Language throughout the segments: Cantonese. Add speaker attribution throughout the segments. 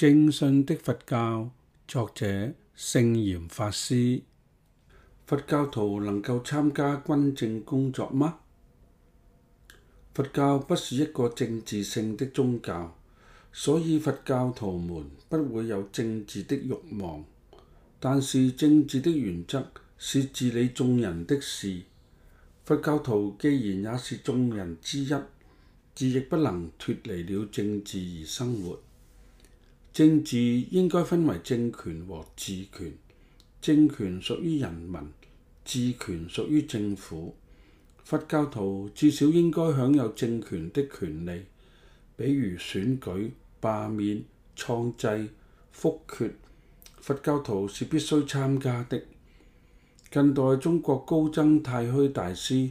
Speaker 1: 正信的佛教，作者聖嚴法師。佛教徒能夠參加軍政工作嗎？佛教不是一個政治性的宗教，所以佛教徒們不會有政治的欲望。但是政治的原則是治理眾人的事，佛教徒既然也是眾人之一，自亦不能脫離了政治而生活。政治應該分為政權和治權。政權屬於人民，治權屬於政府。佛教徒至少應該享有政權的權利，比如選舉、罷免、創制、覆決。佛教徒是必須參加的。近代中國高僧太虛大師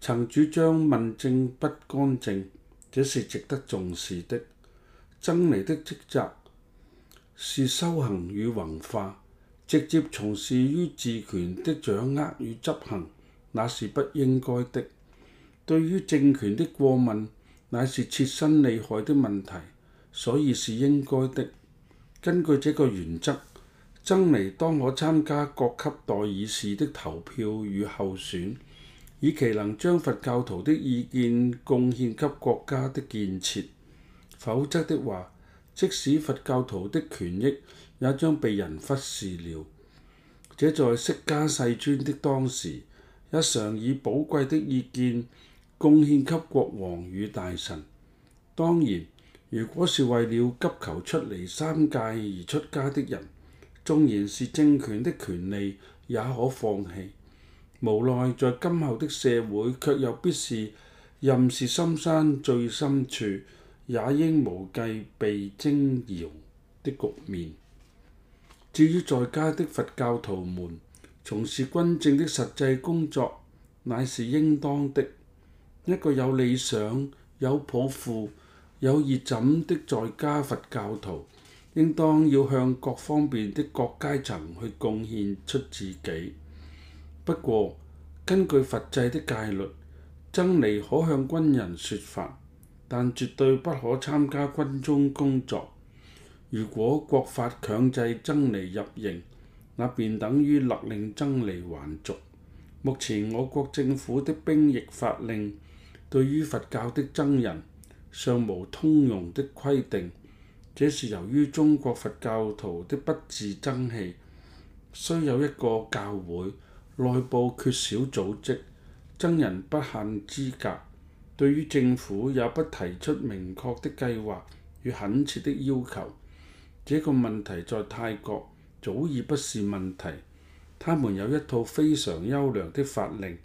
Speaker 1: 曾主張問政不干政，這是值得重視的。僧尼的職責，是修行與弘化，直接從事於治權的掌握與執行，那是不應該的。對於政權的過問，乃是切身利害的問題，所以是應該的。根據這個原則，僧尼當可參加各級代議士的投票與候選，以期能將佛教徒的意見貢獻給國家的建設。否則的話，即使佛教徒的權益也將被人忽視了，這在釋迦世尊的當時，一向以寶貴的意見貢獻給國王與大臣。當然，如果是為了急求出離三界而出家的人，縱然是政權的權利，也可放棄。無奈在今後的社會，卻又必是任是深山最深處。也應無計被徵徭的局面。至於在家的佛教徒們從事軍政的實際工作，乃是應當的。一個有理想、有抱負、有熱忱的在家佛教徒，應當要向各方面的各階層去貢獻出自己。不過，根據佛制的戒律，僧尼可向軍人說法。但絕對不可參加軍中工作。如果國法強制僧尼入營，那便等於勒令僧尼還俗。目前我國政府的兵役法令對於佛教的僧人尚無通融的規定，這是由於中國佛教徒的不自爭氣。雖有一個教會，內部缺少組織，僧人不限資格，對於政府也不提出明確的計劃與懇切的要求，這個問題在泰國早已不是問題。他們有一套非常優良的法令，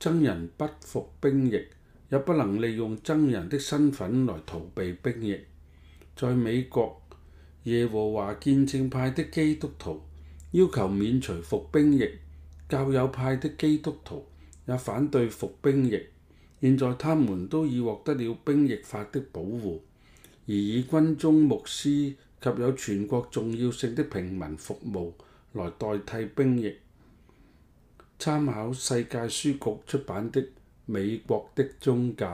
Speaker 1: 僧人不服兵役，也不能利用僧人的身份來逃避兵役。在美國，耶和華見證派的基督徒要求免除服兵役，教友派的基督徒也反對服兵役。現在他們都已獲得了兵役法的保護，而以軍中牧師及有全國重要性的平民服務來代替兵役。參考世界書局出版的《美國的宗教》。